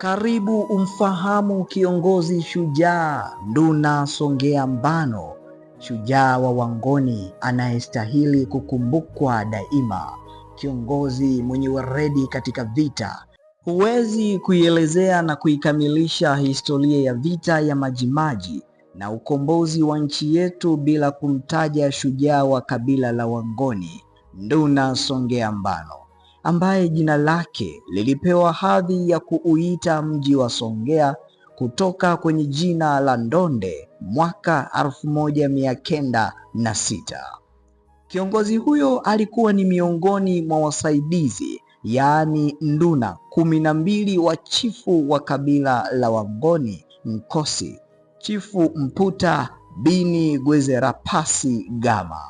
Karibu umfahamu kiongozi shujaa Nduna Songea Mbano, shujaa wa Wangoni anayestahili kukumbukwa daima, kiongozi mwenye weredi katika vita. Huwezi kuielezea na kuikamilisha historia ya vita ya Majimaji na ukombozi wa nchi yetu bila kumtaja shujaa wa kabila la Wangoni, Nduna Songea Mbano ambaye jina lake lilipewa hadhi ya kuuita mji wa Songea kutoka kwenye jina la Ndonde mwaka 1906. Kiongozi huyo alikuwa ni miongoni mwa wasaidizi yaani nduna kumi na mbili wa chifu wa kabila la Wangoni Nkosi, Chifu Mputa bini Gwezerapasi Gama.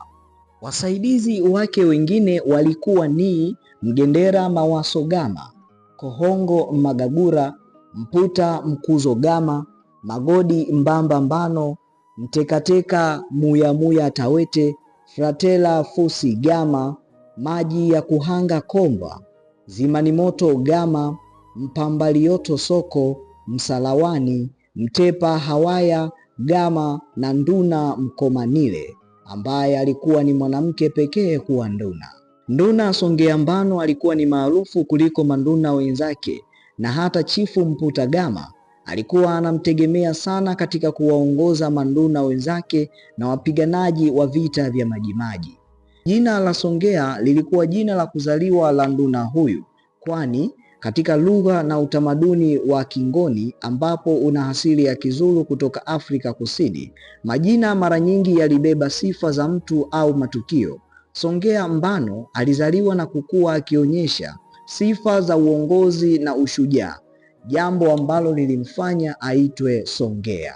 Wasaidizi wake wengine walikuwa ni Mgendera mawaso gama Kohongo Magagura, Mputa mkuzo gama Magodi Mbamba Mbano, Mtekateka Muyamuya Tawete, Fratela Fusi Gama, Maji ya Kuhanga Komba, Zimani Moto Gama, Mpambalioto Soko, Msalawani, Mtepa Hawaya Gama na Nduna Mkomanile ambaye alikuwa ni mwanamke pekee kuwa nduna. Nduna Songea Mbano alikuwa ni maarufu kuliko manduna wenzake na hata Chifu Mputagama alikuwa anamtegemea sana katika kuwaongoza manduna wenzake na wapiganaji wa vita vya Majimaji. Jina la Songea lilikuwa jina la kuzaliwa la nduna huyu, kwani katika lugha na utamaduni wa Kingoni ambapo una asili ya Kizulu kutoka Afrika Kusini, majina mara nyingi yalibeba sifa za mtu au matukio. Songea Mbano alizaliwa na kukua akionyesha sifa za uongozi na ushujaa, jambo ambalo lilimfanya aitwe Songea.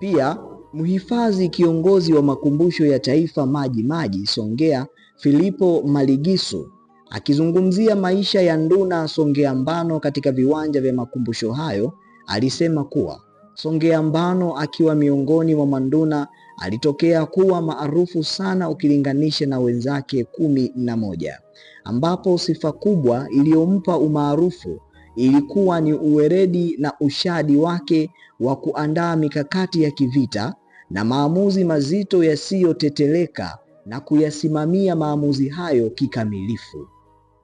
Pia mhifadhi kiongozi wa makumbusho ya taifa Maji Maji Songea, Filipo Maligisu, akizungumzia maisha ya Nduna Songea Mbano katika viwanja vya makumbusho hayo, alisema kuwa Songea Mbano akiwa miongoni mwa manduna alitokea kuwa maarufu sana ukilinganisha na wenzake kumi na moja, ambapo sifa kubwa iliyompa umaarufu ilikuwa ni uweredi na ushadi wake wa kuandaa mikakati ya kivita na maamuzi mazito yasiyoteteleka na kuyasimamia maamuzi hayo kikamilifu.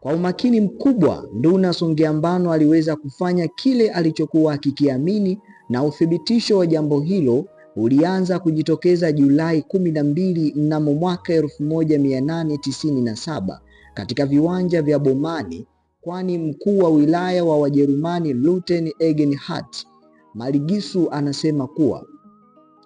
Kwa umakini mkubwa, Nduna Songeambano aliweza kufanya kile alichokuwa akikiamini na uthibitisho wa jambo hilo ulianza kujitokeza Julai 12 mnamo mwaka 1897 katika viwanja vya Bomani, kwani mkuu wa wilaya wa Wajerumani Luten Egenhardt Maligisu anasema kuwa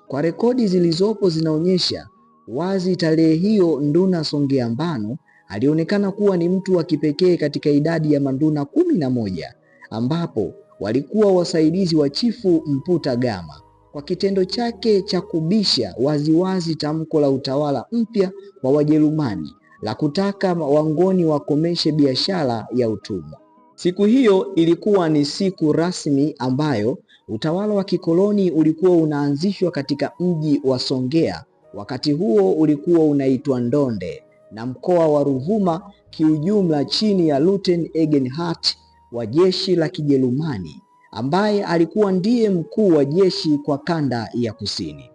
kwa rekodi zilizopo zinaonyesha wazi tarehe hiyo Nduna Songea Mbano alionekana kuwa ni mtu wa kipekee katika idadi ya manduna kumi na moja ambapo walikuwa wasaidizi wa chifu Mputa Gama kwa kitendo chake cha kubisha waziwazi tamko la utawala mpya wa Wajerumani la kutaka wangoni wakomeshe biashara ya utumwa. Siku hiyo ilikuwa ni siku rasmi ambayo utawala wa kikoloni ulikuwa unaanzishwa katika mji wa Songea. Wakati huo ulikuwa unaitwa Ndonde na mkoa wa Ruvuma kiujumla chini ya Luten Egenhart wa jeshi la Kijerumani ambaye alikuwa ndiye mkuu wa jeshi kwa kanda ya kusini.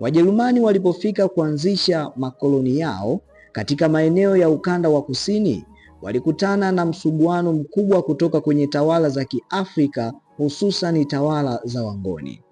Wajerumani walipofika kuanzisha makoloni yao katika maeneo ya ukanda wa kusini, walikutana na msuguano mkubwa kutoka kwenye tawala za Kiafrika, hususani tawala za Wangoni.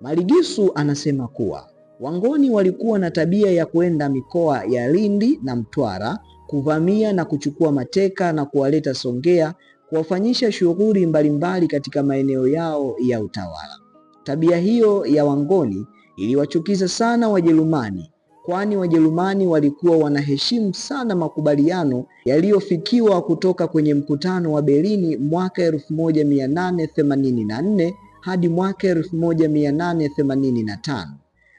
Maligisu anasema kuwa Wangoni walikuwa na tabia ya kwenda mikoa ya Lindi na Mtwara kuvamia na kuchukua mateka na kuwaleta Songea kuwafanyisha shughuli mbalimbali katika maeneo yao ya utawala. Tabia hiyo ya Wangoni iliwachukiza sana Wajerumani, kwani Wajerumani walikuwa wanaheshimu sana makubaliano yaliyofikiwa kutoka kwenye mkutano wa Berlini mwaka 1884 hadi mwaka 1885.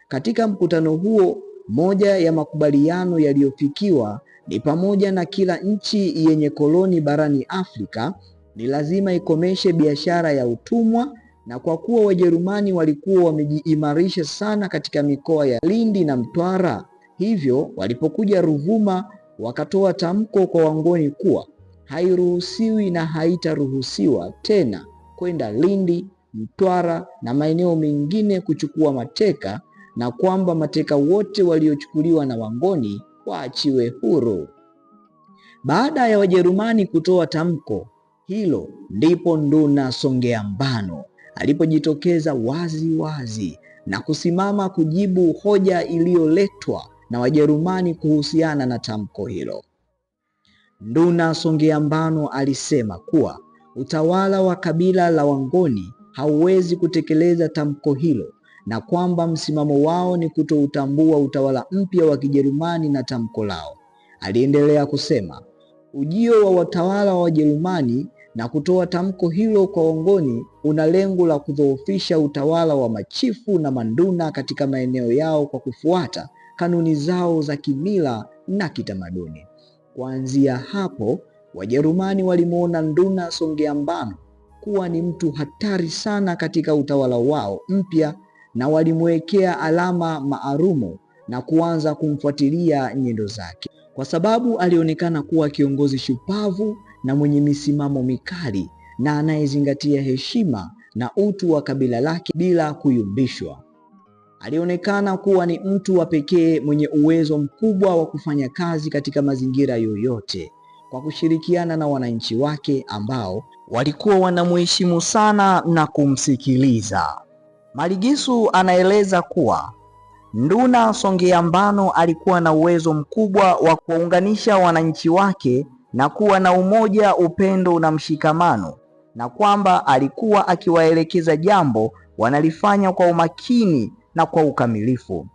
Katika mkutano huo, moja ya makubaliano yaliyofikiwa ni pamoja na kila nchi yenye koloni barani Afrika ni lazima ikomeshe biashara ya utumwa, na kwa kuwa Wajerumani walikuwa wamejiimarisha sana katika mikoa ya Lindi na Mtwara, hivyo walipokuja Ruvuma wakatoa tamko kwa Wangoni kuwa hairuhusiwi na haitaruhusiwa tena kwenda Lindi, Mtwara na maeneo mengine kuchukua mateka, na kwamba mateka wote waliochukuliwa na Wangoni waachiwe huru. Baada ya Wajerumani kutoa tamko hilo, ndipo Nduna Songea Mbano alipojitokeza wazi wazi na kusimama kujibu hoja iliyoletwa na Wajerumani kuhusiana na tamko hilo. Nduna Songea Mbano alisema kuwa utawala wa kabila la Wangoni hauwezi kutekeleza tamko hilo na kwamba msimamo wao ni kutoutambua utawala mpya wa Kijerumani na tamko lao. Aliendelea kusema ujio wa watawala wa Wajerumani na kutoa tamko hilo kwa wangoni una lengo la kudhoofisha utawala wa machifu na manduna katika maeneo yao kwa kufuata kanuni zao za kimila na kitamaduni. Kuanzia hapo, Wajerumani walimwona Nduna Songea Mbano kuwa ni mtu hatari sana katika utawala wao mpya na walimwekea alama maarumu na kuanza kumfuatilia nyendo zake, kwa sababu alionekana kuwa kiongozi shupavu na mwenye misimamo mikali na anayezingatia heshima na utu wa kabila lake bila kuyumbishwa. Alionekana kuwa ni mtu wa pekee mwenye uwezo mkubwa wa kufanya kazi katika mazingira yoyote kwa kushirikiana na wananchi wake ambao walikuwa wanamheshimu sana na kumsikiliza. Maligisu anaeleza kuwa Nduna mbano alikuwa na uwezo mkubwa wa kuwaunganisha wananchi wake na kuwa na umoja, upendo na mshikamano, na kwamba alikuwa akiwaelekeza jambo wanalifanya kwa umakini na kwa ukamilifu.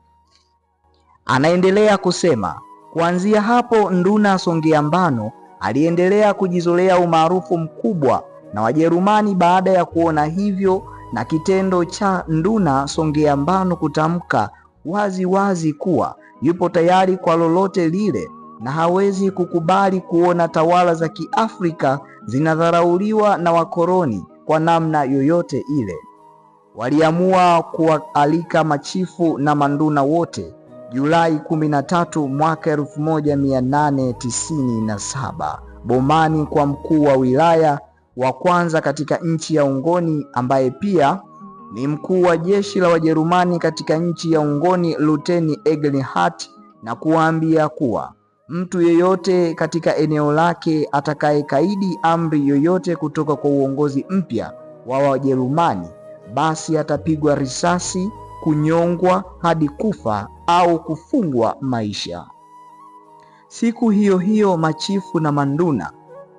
Anaendelea kusema, kuanzia hapo Nduna mbano aliendelea kujizolea umaarufu mkubwa na Wajerumani baada ya kuona hivyo na kitendo cha Nduna songea mbano kutamka wazi wazi kuwa yupo tayari kwa lolote lile na hawezi kukubali kuona tawala za Kiafrika zinadharauliwa na wakoloni kwa namna yoyote ile. Waliamua kuwaalika machifu na manduna wote Julai 13 mwaka 1897 bomani kwa mkuu wa wilaya wa kwanza katika nchi ya Ungoni ambaye pia ni mkuu wa jeshi la Wajerumani katika nchi ya Ungoni, Luteni Egelhart, na kuwaambia kuwa mtu yeyote katika eneo lake atakayekaidi amri yoyote kutoka kwa uongozi mpya wa Wajerumani basi atapigwa risasi, kunyongwa hadi kufa au kufungwa maisha. Siku hiyo hiyo machifu na manduna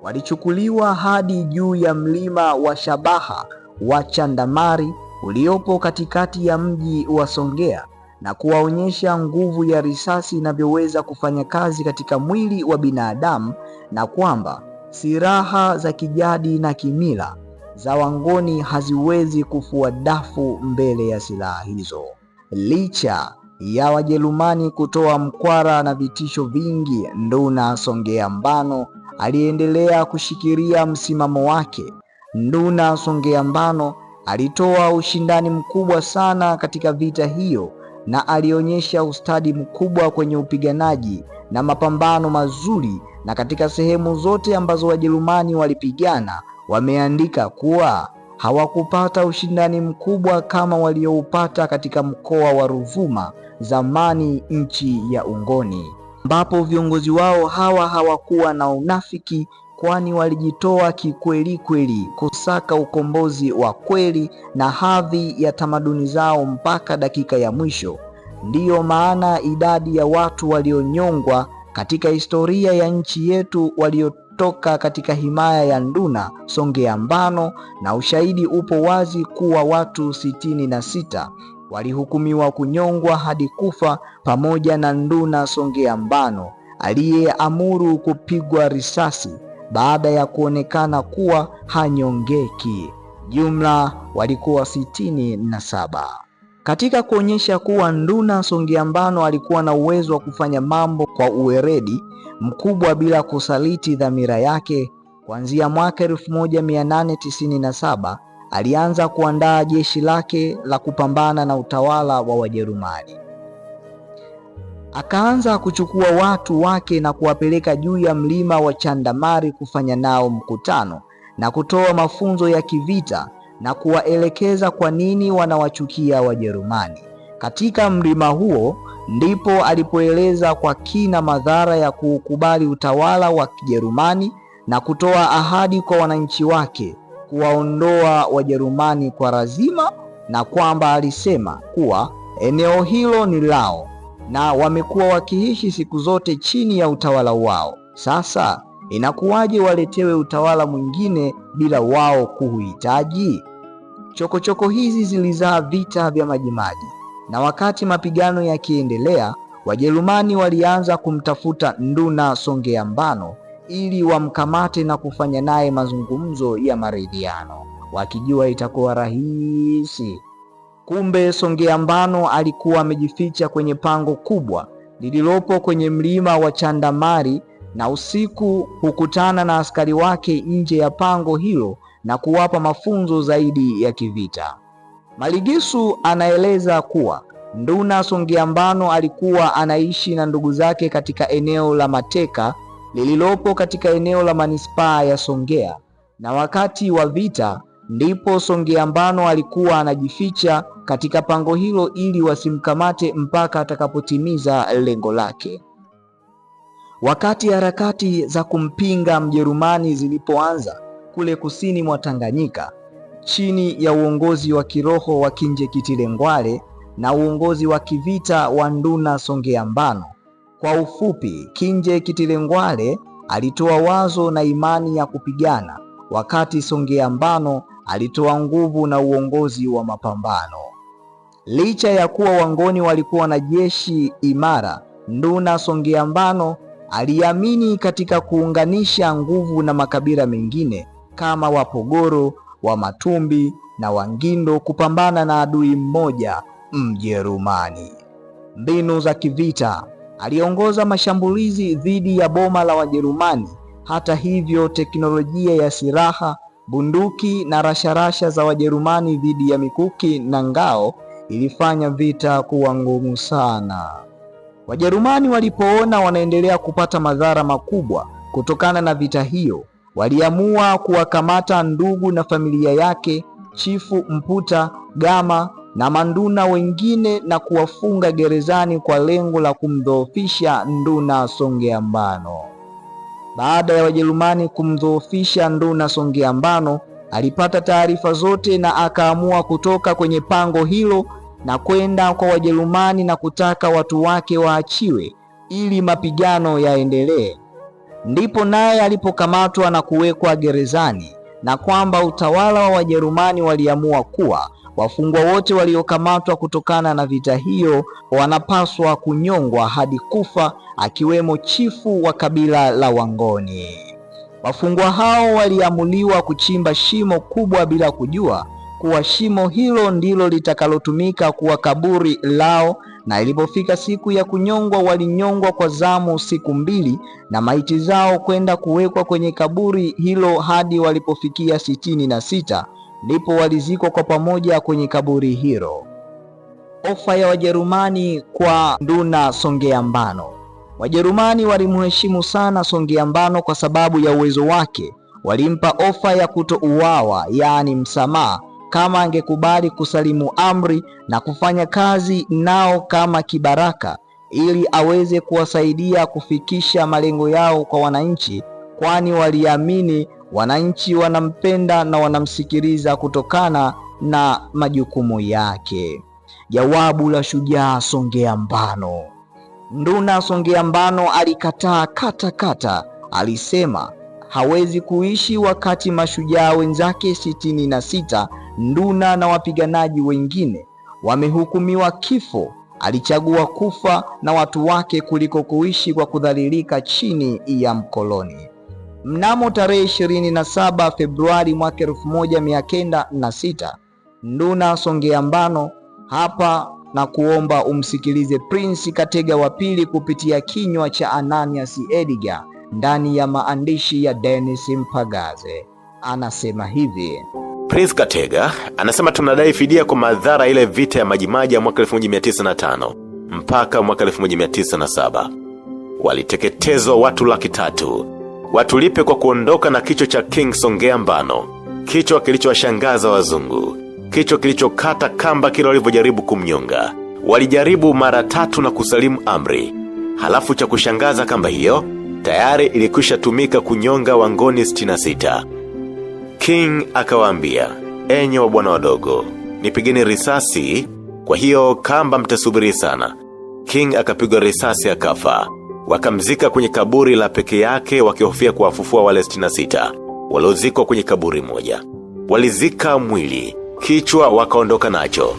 walichukuliwa hadi juu ya mlima wa Shabaha wa Chandamari uliopo katikati ya mji wa Songea na kuwaonyesha nguvu ya risasi inavyoweza kufanya kazi katika mwili wa binadamu na kwamba silaha za kijadi na kimila za Wangoni haziwezi kufua dafu mbele ya silaha hizo. Licha ya Wajerumani kutoa mkwara na vitisho vingi, Nduna Songea Mbano aliendelea kushikilia msimamo wake. Nduna Songea Mbano alitoa ushindani mkubwa sana katika vita hiyo na alionyesha ustadi mkubwa kwenye upiganaji na mapambano mazuri, na katika sehemu zote ambazo Wajerumani walipigana wameandika kuwa hawakupata ushindani mkubwa kama walioupata katika mkoa wa Ruvuma, zamani nchi ya Ungoni ambapo viongozi wao hawa hawakuwa na unafiki, kwani walijitoa kikweli kweli kusaka ukombozi wa kweli na hadhi ya tamaduni zao mpaka dakika ya mwisho. Ndiyo maana idadi ya watu walionyongwa katika historia ya nchi yetu toka katika himaya ya Nduna, Songea Mbano, na ushahidi upo wazi kuwa watu sitini na sita walihukumiwa kunyongwa hadi kufa pamoja na Nduna Songea Mbano aliyeamuru kupigwa risasi baada ya kuonekana kuwa hanyongeki. Jumla walikuwa sitini na saba. Katika kuonyesha kuwa Nduna Songea Mbano alikuwa na uwezo wa kufanya mambo kwa uweredi mkubwa bila kusaliti dhamira yake, kuanzia mwaka 1897 alianza kuandaa jeshi lake la kupambana na utawala wa Wajerumani. Akaanza kuchukua watu wake na kuwapeleka juu ya mlima wa Chandamari kufanya nao mkutano na kutoa mafunzo ya kivita na kuwaelekeza kwa nini wanawachukia Wajerumani. Katika mlima huo ndipo alipoeleza kwa kina madhara ya kuukubali utawala wa Kijerumani na kutoa ahadi kwa wananchi wake kuwaondoa Wajerumani kwa lazima na kwamba alisema kuwa eneo hilo ni lao na wamekuwa wakiishi siku zote chini ya utawala wao. Sasa inakuwaje waletewe utawala mwingine bila wao kuuhitaji? Chokochoko hizi zilizaa vita vya Majimaji, na wakati mapigano yakiendelea, Wajerumani walianza kumtafuta Nduna Songea Mbano ili wamkamate na kufanya naye mazungumzo ya maridhiano, wakijua itakuwa rahisi. Kumbe Songea Mbano alikuwa amejificha kwenye pango kubwa lililopo kwenye mlima wa Chandamari, na usiku hukutana na askari wake nje ya pango hilo na kuwapa mafunzo zaidi ya kivita. Maligisu anaeleza kuwa Nduna Songea Mbano alikuwa anaishi na ndugu zake katika eneo la Mateka lililopo katika eneo la manispaa ya Songea, na wakati wa vita ndipo Songea Mbano alikuwa anajificha katika pango hilo ili wasimkamate mpaka atakapotimiza lengo lake. Wakati harakati za kumpinga Mjerumani zilipoanza kule kusini mwa Tanganyika chini ya uongozi wa kiroho wa Kinjekitile Ngwale na uongozi wa kivita wa Nduna Songea Mbano, kwa ufupi, Kinje Kitilengwale alitoa wazo na imani ya kupigana, wakati Songea Mbano alitoa nguvu na uongozi wa mapambano. Licha ya kuwa Wangoni walikuwa na jeshi imara, Nduna Songea Mbano aliamini katika kuunganisha nguvu na makabila mengine kama Wapogoro, Wamatumbi na Wangindo kupambana na adui mmoja Mjerumani. Mbinu za kivita aliongoza mashambulizi dhidi ya boma la Wajerumani. Hata hivyo, teknolojia ya silaha, bunduki na rasharasha za Wajerumani dhidi ya mikuki na ngao ilifanya vita kuwa ngumu sana. Wajerumani walipoona wanaendelea kupata madhara makubwa kutokana na vita hiyo, waliamua kuwakamata ndugu na familia yake Chifu Mputa Gama na manduna wengine na kuwafunga gerezani kwa lengo la kumdhoofisha Nduna mbano Baada ya Wajerumani kumdhoofisha Nduna mbano alipata taarifa zote na akaamua kutoka kwenye pango hilo na kwenda kwa Wajerumani na kutaka watu wake waachiwe ili mapigano yaendelee. Ndipo naye alipokamatwa na kuwekwa gerezani, na kwamba utawala wa Wajerumani waliamua kuwa Wafungwa wote waliokamatwa kutokana na vita hiyo wanapaswa kunyongwa hadi kufa, akiwemo chifu wa kabila la Wangoni. Wafungwa hao waliamuliwa kuchimba shimo kubwa bila kujua kuwa shimo hilo ndilo litakalotumika kuwa kaburi lao, na ilipofika siku ya kunyongwa, walinyongwa kwa zamu siku mbili na maiti zao kwenda kuwekwa kwenye kaburi hilo hadi walipofikia sitini na sita ndipo walizikwa kwa pamoja kwenye kaburi hilo. Ofa ya Wajerumani kwa Nduna Songea Mbano. Wajerumani walimheshimu sana Songea Mbano kwa sababu ya uwezo wake. Walimpa ofa ya kutouawa, yaani msamaha, kama angekubali kusalimu amri na kufanya kazi nao kama kibaraka, ili aweze kuwasaidia kufikisha malengo yao kwa wananchi, kwani waliamini wananchi wanampenda na wanamsikiliza kutokana na majukumu yake. Jawabu la shujaa Songea Mbano. Nduna Songea Mbano alikataa kata kata, alisema hawezi kuishi wakati mashujaa wenzake sitini na sita Nduna na wapiganaji wengine wamehukumiwa kifo. Alichagua kufa na watu wake kuliko kuishi kwa kudhalilika chini ya mkoloni. Mnamo tarehe 27 Februari mwaka 1906 Nduna Songea Mbano hapa na kuomba umsikilize Prince Katega wa pili kupitia kinywa cha Ananias Edgar ndani ya maandishi ya Dennis Mpagaze. Anasema hivi. Prince Katega anasema tunadai fidia kwa madhara ile vita ya Majimaji ya mwaka 1905 mpaka mwaka 1907 waliteketezwa watu laki tatu watulipe kwa kuondoka na kichwa cha King Songea Mbano, kichwa kilichowashangaza wazungu, kichwa kilichokata kamba kila walivyojaribu kumnyonga. Walijaribu mara tatu na kusalimu amri. Halafu cha kushangaza, kamba hiyo tayari ilikwisha tumika kunyonga wangoni sitini na sita. King akawaambia, enye wa bwana wadogo, nipigeni risasi, kwa hiyo kamba mtasubiri sana. King akapigwa risasi akafa. Wakamzika kwenye kaburi la peke yake wakihofia kuwafufua wale sitini sita waliozikwa kwenye kaburi moja. Walizika mwili, kichwa wakaondoka nacho.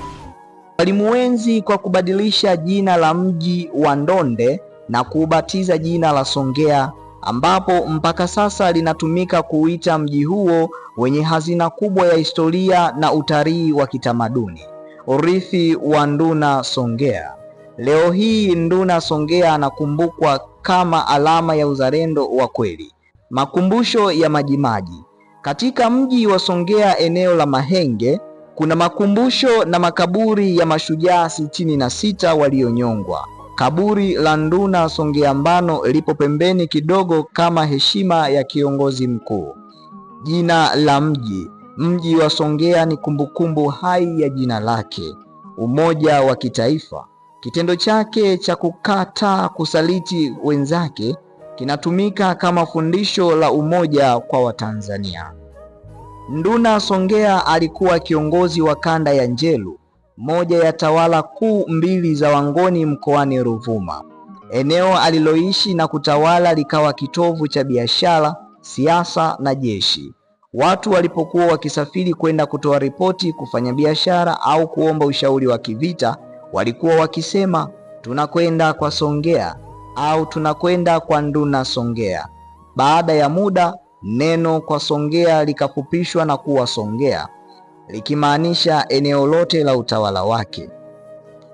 Walimuenzi kwa kubadilisha jina la mji wa Ndonde na kuubatiza jina la Songea ambapo mpaka sasa linatumika kuuita mji huo wenye hazina kubwa ya historia na utalii wa kitamaduni, urithi wa Nduna Songea. Leo hii Nduna Songea anakumbukwa kama alama ya uzalendo wa kweli. Makumbusho ya Majimaji. Katika mji wa Songea eneo la Mahenge kuna makumbusho na makaburi ya mashujaa sitini na sita walionyongwa. Kaburi la Nduna Songea Mbano lipo pembeni kidogo kama heshima ya kiongozi mkuu. Jina la mji. Mji wa Songea ni kumbukumbu hai ya jina lake, umoja wa kitaifa Kitendo chake cha kukataa kusaliti wenzake kinatumika kama fundisho la umoja kwa Watanzania. Nduna Songea alikuwa kiongozi wa kanda ya Njelu, moja ya tawala kuu mbili za Wangoni mkoani Ruvuma. Eneo aliloishi na kutawala likawa kitovu cha biashara, siasa na jeshi. Watu walipokuwa wakisafiri kwenda kutoa ripoti, kufanya biashara au kuomba ushauri wa kivita walikuwa wakisema tunakwenda kwa Songea au tunakwenda kwa Nduna Songea. Baada ya muda neno kwa Songea likafupishwa na kuwa Songea, likimaanisha eneo lote la utawala wake.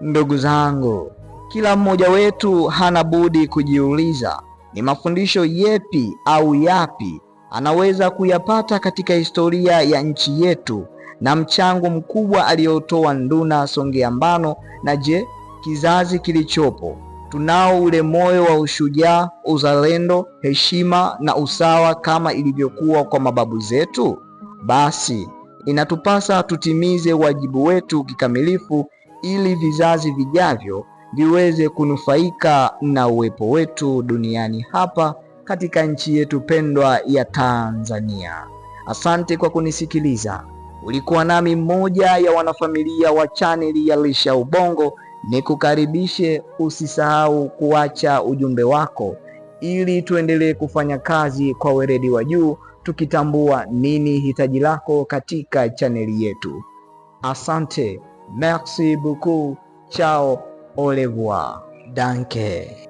Ndugu zangu, kila mmoja wetu hana budi kujiuliza ni mafundisho yepi au yapi anaweza kuyapata katika historia ya nchi yetu na mchango mkubwa aliyotoa Nduna Songea Mbano. Na je, kizazi kilichopo tunao ule moyo wa ushujaa, uzalendo, heshima na usawa kama ilivyokuwa kwa mababu zetu? Basi inatupasa tutimize wajibu wetu kikamilifu ili vizazi vijavyo viweze kunufaika na uwepo wetu duniani hapa katika nchi yetu pendwa ya Tanzania. Asante kwa kunisikiliza. Ulikuwa nami mmoja ya wanafamilia wa chaneli ya Lisha Ubongo, ni kukaribishe Usisahau kuacha ujumbe wako ili tuendelee kufanya kazi kwa weledi wa juu, tukitambua nini hitaji lako katika chaneli yetu. Asante, merci beaucoup, chao, au revoir, danke.